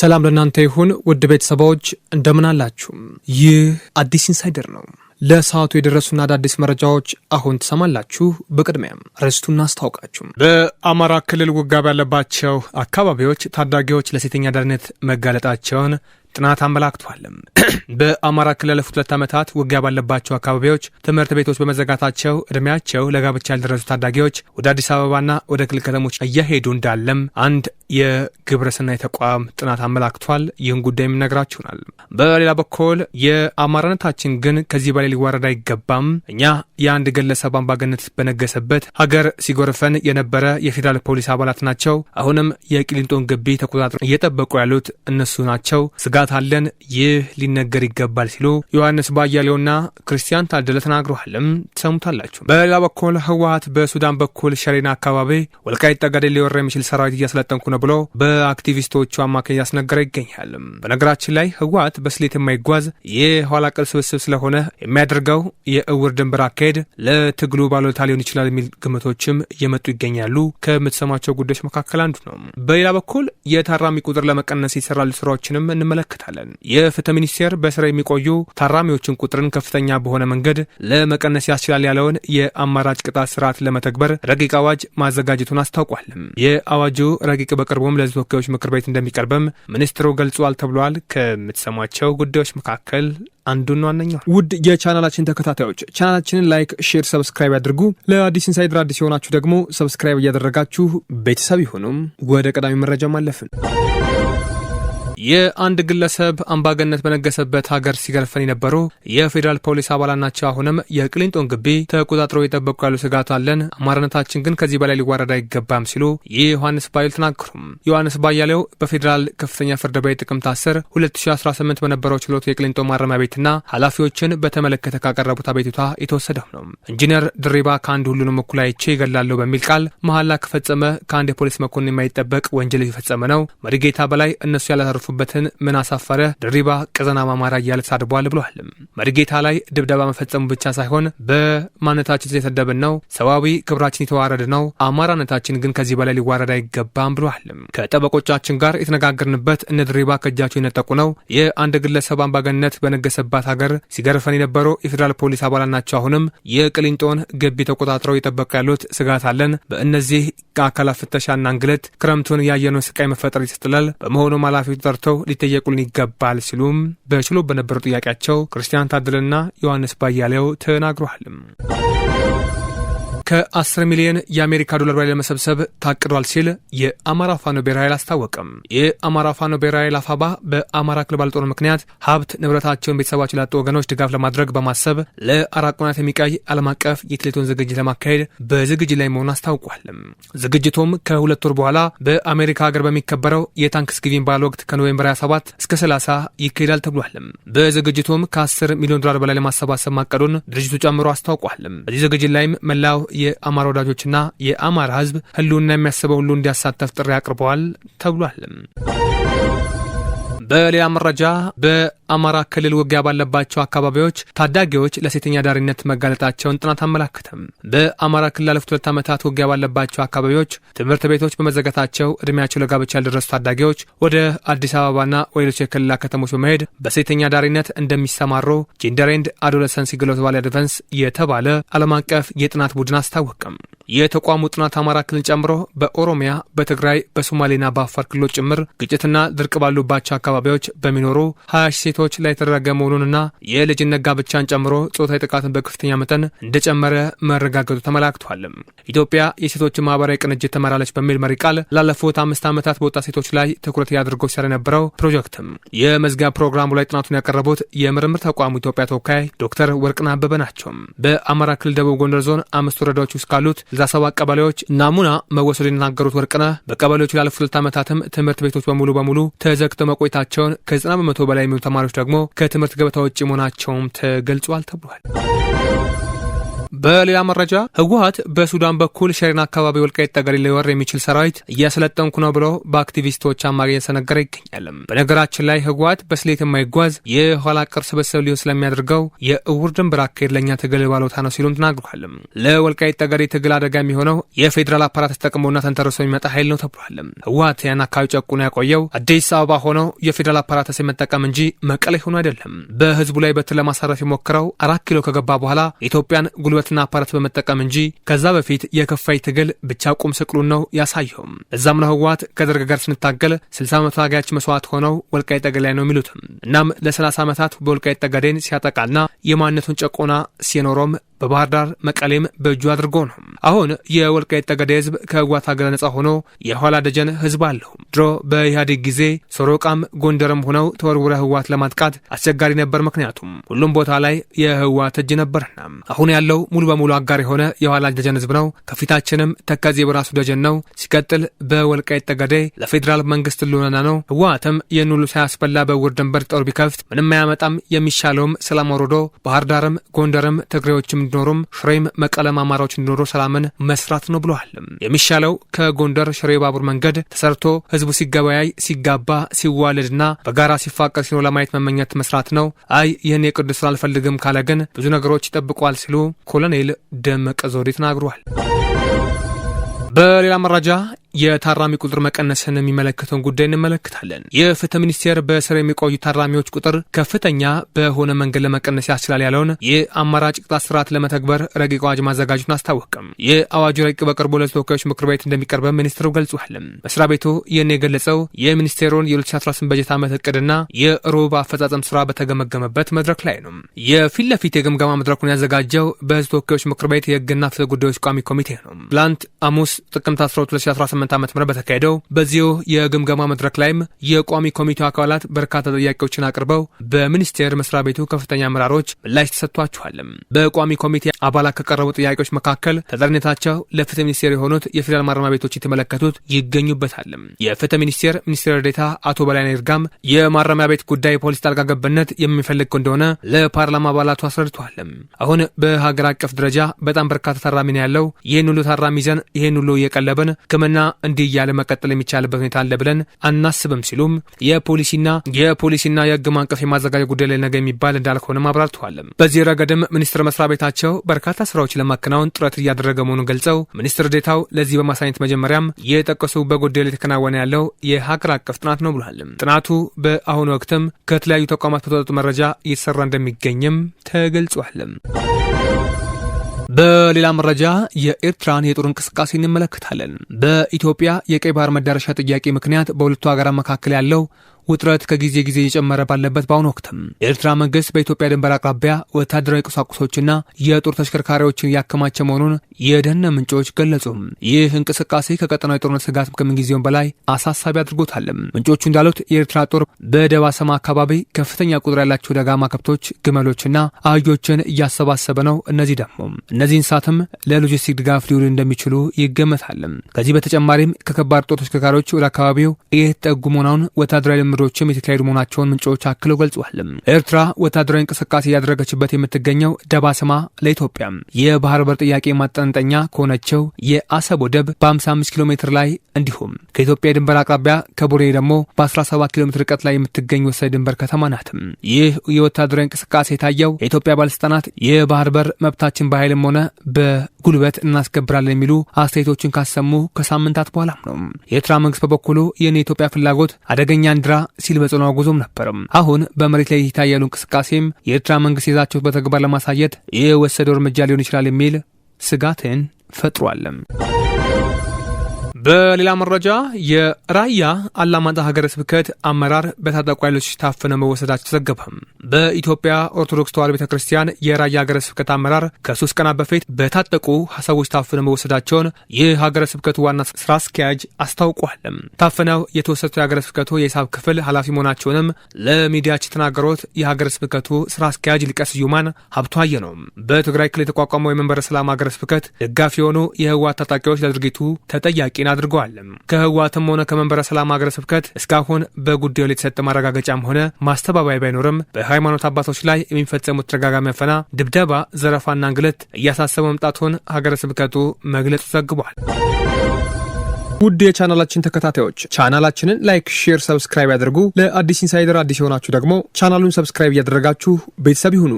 ሰላም ለእናንተ ይሁን ውድ ቤተሰባዎች እንደምን አላችሁም? ይህ አዲስ ኢንሳይደር ነው። ለሰዓቱ የደረሱና አዳዲስ መረጃዎች አሁን ትሰማላችሁ። በቅድሚያም ርዕስቱን አስታውቃችሁ በአማራ ክልል ውጊያ ባለባቸው አካባቢዎች ታዳጊዎች ለሴተኛ አዳሪነት መጋለጣቸውን ጥናት አመላክቷል። በአማራ ክልል ያለፉት ሁለት ዓመታት ውጊያ ባለባቸው አካባቢዎች ትምህርት ቤቶች በመዘጋታቸው እድሜያቸው ለጋብቻ ያልደረሱ ታዳጊዎች ወደ አዲስ አበባና ወደ ክልል ከተሞች እየሄዱ እንዳለም አንድ የግብረሰናይ ተቋም ጥናት አመላክቷል። ይህን ጉዳይ የምነግራችሁናል። በሌላ በኩል የአማራነታችን ግን ከዚህ በላይ ሊዋረድ አይገባም። እኛ የአንድ ግለሰብ አምባገነት በነገሰበት ሀገር ሲጎርፈን የነበረ የፌዴራል ፖሊስ አባላት ናቸው። አሁንም የቅሊንጦን ግቢ ተቆጣጥሮ እየጠበቁ ያሉት እነሱ ናቸው። ስጋት አለን። ይህ ሊነገር ይገባል ሲሉ ዮሐንስ ባያሌውና ክርስቲያን ታደለ ተናግረዋልም። ትሰሙታላችሁ። በሌላ በኩል ህወሀት በሱዳን በኩል ሸሬና አካባቢ ወልቃይት ጠገዴ ሊወራ የሚችል ሰራዊት እያሰለጠንኩ ነው ነው ብሎ በአክቲቪስቶቹ አማካኝ ያስነገረ ይገኛል። በነገራችን ላይ ህወሓት በስሌት የማይጓዝ የኋላ ቀል ስብስብ ስለሆነ የሚያደርገው የእውር ድንበር አካሄድ ለትግሉ ባሎታ ሊሆን ይችላል የሚል ግምቶችም እየመጡ ይገኛሉ። ከምትሰማቸው ጉዳዮች መካከል አንዱ ነው። በሌላ በኩል የታራሚ ቁጥር ለመቀነስ ይሰራሉ ስራዎችንም እንመለከታለን። የፍትህ ሚኒስቴር በስራ የሚቆዩ ታራሚዎችን ቁጥርን ከፍተኛ በሆነ መንገድ ለመቀነስ ያስችላል ያለውን የአማራጭ ቅጣት ስርዓት ለመተግበር ረቂቅ አዋጅ ማዘጋጀቱን አስታውቋል። የአዋጁ ረቂቅ በቅርቡም ለሕዝብ ተወካዮች ምክር ቤት እንደሚቀርብም ሚኒስትሩ ገልጿል ተብሏል። ከምትሰሟቸው ጉዳዮች መካከል አንዱን ዋነኛው። ውድ የቻናላችን ተከታታዮች ቻናላችንን ላይክ፣ ሼር፣ ሰብስክራይብ ያድርጉ። ለአዲስ ኢንሳይድር አዲስ የሆናችሁ ደግሞ ሰብስክራይብ እያደረጋችሁ ቤተሰብ ይሁኑም። ወደ ቀዳሚ መረጃ ማለፍን የአንድ ግለሰብ አምባገነት በነገሰበት ሀገር ሲገርፈን የነበሩ የፌዴራል ፖሊስ አባላት ናቸው። አሁንም የቅሊንጦን ግቢ ተቆጣጥረው የጠበቁ ያሉ ስጋት አለን። አማራነታችን ግን ከዚህ በላይ ሊዋረድ አይገባም ሲሉ የዮሐንስ ባያሌው ተናገሩም። ዮሐንስ ባያሌው በፌዴራል ከፍተኛ ፍርድ ቤት ጥቅምት 10 2018 በነበረው ችሎት የቅሊንጦን ማረሚያ ቤትና ኃላፊዎችን በተመለከተ ካቀረቡት አቤቱታ የተወሰደው ነው። ኢንጂነር ድሪባ ከአንድ ሁሉንም እኩል አይቼ ይገላለሁ በሚል ቃል መሀላ ከፈጸመ ከአንድ የፖሊስ መኮንን የማይጠበቅ ወንጀል የፈጸመ ነው። መሪጌታ በላይ እነሱ ያላተርፉ ያለፉበትን ምን አሳፈረ ድሪባ ቀዘና ማማራ እያለ ተሳድቧል ብሏል። መድጌታ ላይ ድብደባ መፈጸሙ ብቻ ሳይሆን በማንነታችን የተሰደብን ነው፣ ሰብአዊ ክብራችን የተዋረድ ነው፣ አማራነታችን ግን ከዚህ በላይ ሊዋረድ አይገባም ብሏል። ከጠበቆቻችን ጋር የተነጋገርንበት እነ ድሪባ ከእጃቸው የነጠቁ ነው። የአንድ ግለሰብ አምባገነት በነገሰባት ሀገር ሲገርፈን የነበረው የፌዴራል ፖሊስ አባላት ናቸው። አሁንም የቅሊንጦን ግቢ ተቆጣጥረው የጠበቁ ያሉት ስጋት አለን። በእነዚህ አካላት ፍተሻና እንግልት ክረምቱን ያየነውን ስቃይ መፈጠር ይስጥላል። በመሆኑም ኃላፊው ጠርተው ሊጠየቁልን ይገባል ሲሉም በችሎት በነበረው ጥያቄያቸው ክርስቲያን ታደለና ዮሐንስ ባያሌው ተናግረዋል። ከ10 ሚሊዮን የአሜሪካ ዶላር በላይ ለመሰብሰብ ታቅዷል ሲል የአማራ ፋኖ ብሔራዊ ኃይል አስታወቀም። የአማራ ፋኖ ብሔራዊ ኃይል አፋባ በአማራ ክልል ባልጦር ምክንያት ሀብት ንብረታቸውን ቤተሰባቸው ላጡ ወገኖች ድጋፍ ለማድረግ በማሰብ ለአራት ቀናት የሚቆይ ዓለም አቀፍ የቴሌቶን ዝግጅት ለማካሄድ በዝግጅት ላይ መሆኑ አስታውቋል። ዝግጅቱም ከሁለት ወር በኋላ በአሜሪካ ሀገር በሚከበረው የታንክስጊቪንግ በዓል ወቅት ከኖቬምበር 27 እስከ 30 ይካሄዳል ተብሏል። በዝግጅቱም ከ10 ሚሊዮን ዶላር በላይ ለማሰባሰብ ማቀዱን ድርጅቱ ጨምሮ አስታውቋል። በዚህ ዝግጅት ላይም መላው የአማራ ወዳጆችና የአማራ ህዝብ ህልውና የሚያስበው ሁሉ እንዲያሳተፍ ጥሪ አቅርበዋል ተብሏል። በሌላ መረጃ በአማራ ክልል ውጊያ ባለባቸው አካባቢዎች ታዳጊዎች ለሴተኛ ዳሪነት መጋለጣቸውን ጥናት አመላክተም። በአማራ ክልል አለፉት ሁለት ዓመታት ውጊያ ባለባቸው አካባቢዎች ትምህርት ቤቶች በመዘጋታቸው እድሜያቸው ለጋብቻ ያልደረሱ ታዳጊዎች ወደ አዲስ አበባና ወሌሎች የክልል ከተሞች በመሄድ በሴተኛ ዳሪነት እንደሚሰማሩ ጄንደር ኤንድ አዶለሰንስ ግሎባል አድቫንስ የተባለ ዓለም አቀፍ የጥናት ቡድን አስታወቅም። የተቋሙ ጥናት አማራ ክልል ጨምሮ በኦሮሚያ፣ በትግራይ፣ በሶማሌና በአፋር ክልሎች ጭምር ግጭትና ድርቅ ባሉባቸው አካባቢዎች በሚኖሩ ሀያ ሺህ ሴቶች ላይ የተደረገ መሆኑንና የልጅነት ጋብቻን ጨምሮ ጾታዊ ጥቃትን በከፍተኛ መጠን እንደጨመረ መረጋገጡ ተመላክቷል። ኢትዮጵያ የሴቶችን ማህበራዊ ቅንጅት ትመራለች በሚል መሪ ቃል ላለፉት አምስት ዓመታት በወጣት ሴቶች ላይ ትኩረት እያደረገው ሲሰራ የነበረው ፕሮጀክትም የመዝጊያ ፕሮግራሙ ላይ ጥናቱን ያቀረቡት የምርምር ተቋሙ ኢትዮጵያ ተወካይ ዶክተር ወርቅና አበበ ናቸው። በአማራ ክልል ደቡብ ጎንደር ዞን አምስት ወረዳዎች ውስጥ ካሉት 67 ቀበሌዎች ናሙና መወሰዱ የተናገሩት ወርቅነህ በቀበሌዎቹ ላለፉት ሁለት ዓመታትም ትምህርት ቤቶች በሙሉ በሙሉ ተዘግተው መቆየታቸውን ከ በመቶ በላይ የሚሆኑ ተማሪዎች ደግሞ ከትምህርት ገበታ ውጭ መሆናቸውም ተገልጿል ተብሏል። በሌላ መረጃ ህወሀት በሱዳን በኩል ሸሪን አካባቢ ወልቃይት ጠገዴ ሊወር የሚችል ሰራዊት እያስለጠንኩ ነው ብሎ በአክቲቪስቶች አማሪ የተሰነገረ ይገኛል። በነገራችን ላይ ህወሀት በስሌት የማይጓዝ የኋላ ቅር ስብስብ ሊሆን ስለሚያደርገው የእውር ድንብር አካሄድ ለእኛ ትግል ባሎታ ነው ሲሉም ተናግሯል። ለወልቃይት ጠገዴ ትግል አደጋ የሚሆነው የፌዴራል አፓራት ተጠቅሞና ተንተርሶ የሚመጣ ኃይል ነው ተብሏል። ህወሀት ያን አካባቢ ጨቁኖ ያቆየው አዲስ አበባ ሆነው የፌዴራል አፓራተስ የመጠቀም እንጂ መቀሌ ሆኖ አይደለም። በህዝቡ ላይ በትር ለማሳረፍ የሞክረው አራት ኪሎ ከገባ በኋላ ኢትዮጵያን ጉልበ ጉልበትና አፓራት በመጠቀም እንጂ ከዛ በፊት የከፋይ ትግል ብቻ ቁም ስቅሉን ነው ያሳየውም። እዛም ነው ህወሓት ከደርግ ጋር ስንታገል 60 ዓመት ታጋዮች መስዋዕት ሆነው ወልቃይ ጠገዴ ነው የሚሉትም። እናም ለ30 ዓመታት በወልቃይት ጠገዴን ሲያጠቃና የማንነቱን ጨቆና ሲኖረውም በባህር ዳር መቀሌም በእጁ አድርጎ ነው። አሁን የወልቃይት ጠገዴ ህዝብ ከህወሓት ሀገረ ነጻ ሆኖ የኋላ ደጀን ህዝብ አለው። ድሮ በኢህአዴግ ጊዜ ሶሮቃም ጎንደርም ሆነው ተወርውረ ህወሓት ለማጥቃት አስቸጋሪ ነበር። ምክንያቱም ሁሉም ቦታ ላይ የህወሓት እጅ ነበርና፣ አሁን ያለው ሙሉ በሙሉ አጋር የሆነ የኋላ ደጀን ህዝብ ነው። ከፊታችንም ተከዜ በራሱ ደጀን ነው። ሲቀጥል በወልቃይት ጠገዴ ለፌዴራል መንግስት ልሆነና ነው። ህወሓትም ይህን ሁሉ ሳያስበላ በውር ድንበር ጦር ቢከፍት ምንም አያመጣም። የሚሻለውም ሰላም ወርዶ ባህር ዳርም ጎንደርም ትግሬዎችም እንዲኖሩም ሽሬም መቀለም አማራዎች እንዲኖሩ ሰላምን መስራት ነው ብለዋል። የሚሻለው ከጎንደር ሽሬ ባቡር መንገድ ተሰርቶ ህዝቡ ሲገበያይ፣ ሲጋባ፣ ሲዋለድና በጋራ ሲፋቀር ሲኖር ለማየት መመኘት መስራት ነው። አይ ይህን የቅዱስ አልፈልግም ካለ ግን ብዙ ነገሮች ይጠብቋል ሲሉ ኮሎኔል ደመቀ ዘውዴ ተናግሯል። በሌላ መረጃ የታራሚ ቁጥር መቀነስን የሚመለከተውን ጉዳይ እንመለከታለን። የፍትህ ሚኒስቴር በስር የሚቆዩ ታራሚዎች ቁጥር ከፍተኛ በሆነ መንገድ ለመቀነስ ያስችላል ያለውን የአማራጭ ቅጣት ስርዓት ለመተግበር ረቂቅ አዋጅ ማዘጋጁን አስታወቅም። የአዋጁ ረቂቅ በቅርቡ ለተወካዮች ምክር ቤት እንደሚቀርበ ሚኒስትሩ ገልጿል። መስሪያ ቤቱ ይህን የገለጸው የሚኒስቴሩን የ2018 በጀት ዓመት እቅድና የሩብ አፈጻጸም ስራ በተገመገመበት መድረክ ላይ ነው። የፊት ለፊት የግምገማ መድረኩን ያዘጋጀው በህዝብ ተወካዮች ምክር ቤት የህግና ፍትህ ጉዳዮች ቋሚ ኮሚቴ ነው። ትላንት ሐሙስ ጥቅምት 12 2018 ዓ ም በተካሄደው በዚሁ የግምገማ መድረክ ላይም የቋሚ ኮሚቴው አካላት በርካታ ጥያቄዎችን አቅርበው በሚኒስቴር መስሪያ ቤቱ ከፍተኛ አመራሮች ምላሽ ተሰጥቷቸዋልም። በቋሚ ኮሚቴ አባላት ከቀረቡ ጥያቄዎች መካከል ተጠሪነታቸው ለፍትህ ሚኒስቴር የሆኑት የፌዴራል ማረሚያ ቤቶች የተመለከቱት ይገኙበታልም። የፍትህ ሚኒስቴር ሚኒስትር ዴኤታ አቶ በላይነህ ይርጋም የማረሚያ ቤት ጉዳይ ፖሊስ ጣልቃ ገብነት የሚፈልግ እንደሆነ ለፓርላማ አባላቱ አስረድተዋልም። አሁን በሀገር አቀፍ ደረጃ በጣም በርካታ ታራሚ ነው ያለው። ይህን ሁሉ ታራሚ ይዘን ይህን ሁሉ እየቀለብን ሕክምና እንዲህ እያለ መቀጠል የሚቻልበት ሁኔታ አለ ብለን አናስብም ሲሉም የፖሊሲና የፖሊሲና የህግ ማንቀፍ የማዘጋጀ ጉዳይ ላይ ነገ የሚባል እንዳልሆነም አብራርተዋል። በዚህ ረገድም ሚኒስቴር መስሪያ ቤታቸው በርካታ ስራዎች ለማከናወን ጥረት እያደረገ መሆኑን ገልጸው ሚኒስትር ዴታው ለዚህ በማሳኘት መጀመሪያም የጠቀሱ በጉዳዩ ላይ የተከናወነ ያለው የሀገር አቀፍ ጥናት ነው ብሏል። ጥናቱ በአሁኑ ወቅትም ከተለያዩ ተቋማት በተወጡ መረጃ እየተሰራ እንደሚገኝም ተገልጿል። በሌላ መረጃ የኤርትራን የጦር እንቅስቃሴ እንመለከታለን። በኢትዮጵያ የቀይ ባህር መዳረሻ ጥያቄ ምክንያት በሁለቱ ሀገራት መካከል ያለው ውጥረት ከጊዜ ጊዜ እየጨመረ ባለበት በአሁኑ ወቅትም የኤርትራ መንግስት በኢትዮጵያ ድንበር አቅራቢያ ወታደራዊ ቁሳቁሶችና የጦር ተሽከርካሪዎችን እያከማቸ መሆኑን የደህንነት ምንጮች ገለጹ። ይህ እንቅስቃሴ ከቀጠናዊ ጦርነት ስጋት ከምንጊዜውም በላይ አሳሳቢ አድርጎታል። ምንጮቹ እንዳሉት የኤርትራ ጦር በደባሰማ አካባቢ ከፍተኛ ቁጥር ያላቸው ደጋማ ከብቶች፣ ግመሎችና አህዮችን እያሰባሰበ ነው። እነዚህ ደግሞ እነዚህ እንስሳትም ለሎጂስቲክ ድጋፍ ሊውሉ እንደሚችሉ ይገመታል። ከዚህ በተጨማሪም ከከባድ ጦር ተሽከርካሪዎች ወደ አካባቢው እየተጠጉ መሆናውን ወታደራዊ ልምምዶችም የተካሄዱ መሆናቸውን ምንጮች አክለው ገልጿል። ኤርትራ ወታደራዊ እንቅስቃሴ እያደረገችበት የምትገኘው ደባስማ ለኢትዮጵያ የባህር በር ጥያቄ ማጠንጠኛ ከሆነችው የአሰብ ወደብ በ55 ኪሎ ሜትር ላይ እንዲሁም ከኢትዮጵያ የድንበር አቅራቢያ ከቡሬ ደግሞ በ17 ኪሎ ሜትር ርቀት ላይ የምትገኝ ወሳኝ ድንበር ከተማ ናት። ይህ የወታደራዊ እንቅስቃሴ የታየው የኢትዮጵያ ባለስልጣናት የባህር በር መብታችን በኃይልም ሆነ በጉልበት እናስከብራለን የሚሉ አስተያየቶችን ካሰሙ ከሳምንታት በኋላም ነው። የኤርትራ መንግስት በበኩሉ ይህን የኢትዮጵያ ፍላጎት አደገኛ እንድራ ሲል በጽኑ አውግዞም ነበርም። አሁን በመሬት ላይ የታያሉ እንቅስቃሴም የኤርትራ መንግስት ይዛቸው በተግባር ለማሳየት የወሰደው እርምጃ ሊሆን ይችላል የሚል ስጋትን ፈጥሯለም። በሌላ መረጃ የራያ አላማጣ ሀገረ ስብከት አመራር በታጠቁ ኃይሎች ታፍነው መወሰዳቸው ተዘገበ። በኢትዮጵያ ኦርቶዶክስ ተዋሕዶ ቤተ ክርስቲያን የራያ ሀገረ ስብከት አመራር ከሶስት ቀናት በፊት በታጠቁ ሰዎች ታፍነው መወሰዳቸውን ሀገረ ስብከቱ ዋና ስራ አስኪያጅ አስታውቋል። ታፍነው የተወሰዱት የሀገረ ስብከቱ የሂሳብ ክፍል ኃላፊ መሆናቸውንም ለሚዲያችን የተናገሩት የሀገረ ስብከቱ ስራ አስኪያጅ ሊቀ ስዩማን ሀብቱ አየ ነው። በትግራይ ክልል የተቋቋመው የመንበረ ሰላም ሀገረ ስብከት ደጋፊ የሆኑ የህወሓት ታጣቂዎች ለድርጊቱ ተጠያቂ ይህን አድርገዋል። ከህወሓትም ሆነ ከመንበረ ሰላም ሀገረ ስብከት እስካሁን በጉዳዩ ላይ የተሰጠ ማረጋገጫም ሆነ ማስተባበያ ባይኖርም በሃይማኖት አባቶች ላይ የሚፈጸሙት ተደጋጋሚ አፈና፣ ድብደባ፣ ዘረፋና እንግልት እያሳሰበ መምጣቱን ሀገረ ስብከቱ መግለጹ ዘግቧል። ውድ የቻናላችን ተከታታዮች ቻናላችንን ላይክ፣ ሼር፣ ሰብስክራይብ ያድርጉ። ለአዲስ ኢንሳይደር አዲስ የሆናችሁ ደግሞ ቻናሉን ሰብስክራይብ እያደረጋችሁ ቤተሰብ ይሁኑ።